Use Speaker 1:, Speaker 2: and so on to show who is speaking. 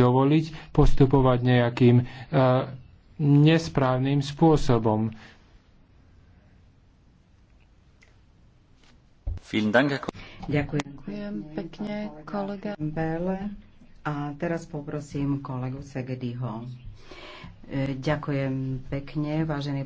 Speaker 1: dovoliť postupovať nejakým e, nesprávnym spôsobom.
Speaker 2: Ďakujem. pekne, kolega Bele. A teraz poprosím kolegu Segediho. E, ďakujem pekne, vážený